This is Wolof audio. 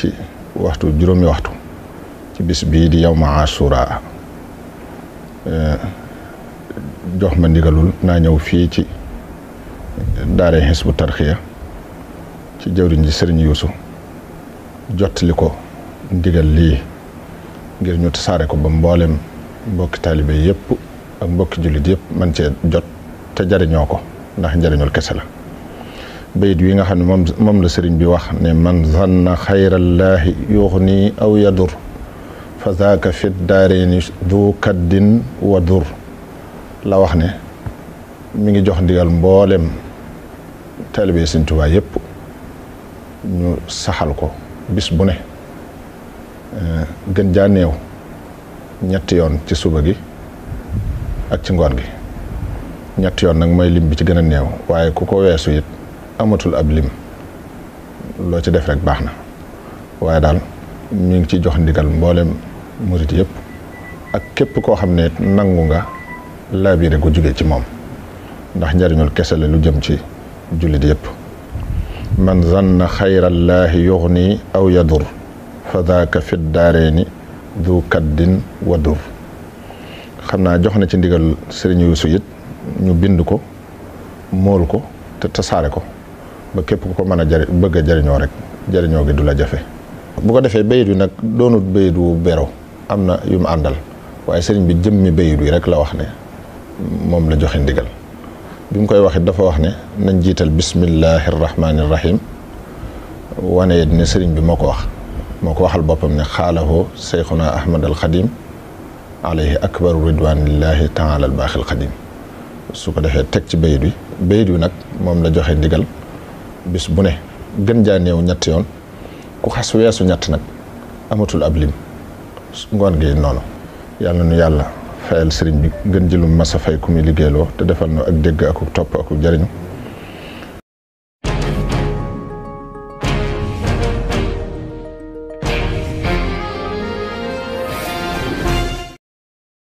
ci waxtu juróomi waxtu ci bis bii di yow ma asura eh, jox ma ndigalul naa ñëw fii ci daare Hizbut Tarqiyyah ci jëwriñ ji sëriñ Yuusu jottali ko ndigal lii ngir ñu saare ko ba mboolem mbokki taalibe yëpp ak mbokki jullit yëpp man cee jot te jariñoo ko ndax njariñul kese la bayit wi nga xam ne moom moom la sëriñ bi wax ne man zanna xayrallaahi yuxni aw yadur fa zaaka fit daareeni du kaddin wa la wax ne mu ngi jox ndigal mboolem taalibe Sëriñ Tuubaa yëpp ñu saxal ko bis bu ne eh, gën jaa néew ñetti yoon ci suba gi ak ci ngoon gi ñetti yoon nag mooy lim bi ci gën a néew waaye ku ko weesu it amatul ab lim loo ci def rek baax na waaye daal mi ngi ci jox ndigal mboolem murit yépp ak képp koo xam ne nangu nga laabiire gu jóge ci moom ndax njariñul kese la lu jëm ci jullit yëpp man zanna xayrallaahi yuxni aw yadur fa daaka fi daareeni du kaddin wa xam naa jox na ci ndigal sëriñ Yuusu it ñu bind ko mool ko te tasaare ko ba képp ku ko mën a jari bëgg a jariñoo rek jariñoo gi du la jafe bu ko defee bayit wi nag doonut bayit wu berew am na yu mu àndal waaye sëriñ bi jëmmi bayit wi rek la wax ne moom la joxe ndigal bi koy waxit dafa wax ne nañ jiital bismillahi rahmaani rahim wane it sëriñ bi moo ko wax moo ko waxal boppam ne xaalahu seyxuna ahmad al xadim alayhi akbaru ridwanillahi taala al baaxil xadim su ko defee teg ci bayit wi bayit wi nag moom la joxe ndigal bis bu ne gën jaa néew ñett yoon ku xas weesu ñett nag amatul ab lim ngoon gi noonu yàlla nu yàlla fayal sëriñ bi gën jëlum masa fay ku muy liggéey liggéeyloo te defal nu ak dégg akuk topp akuk jariñu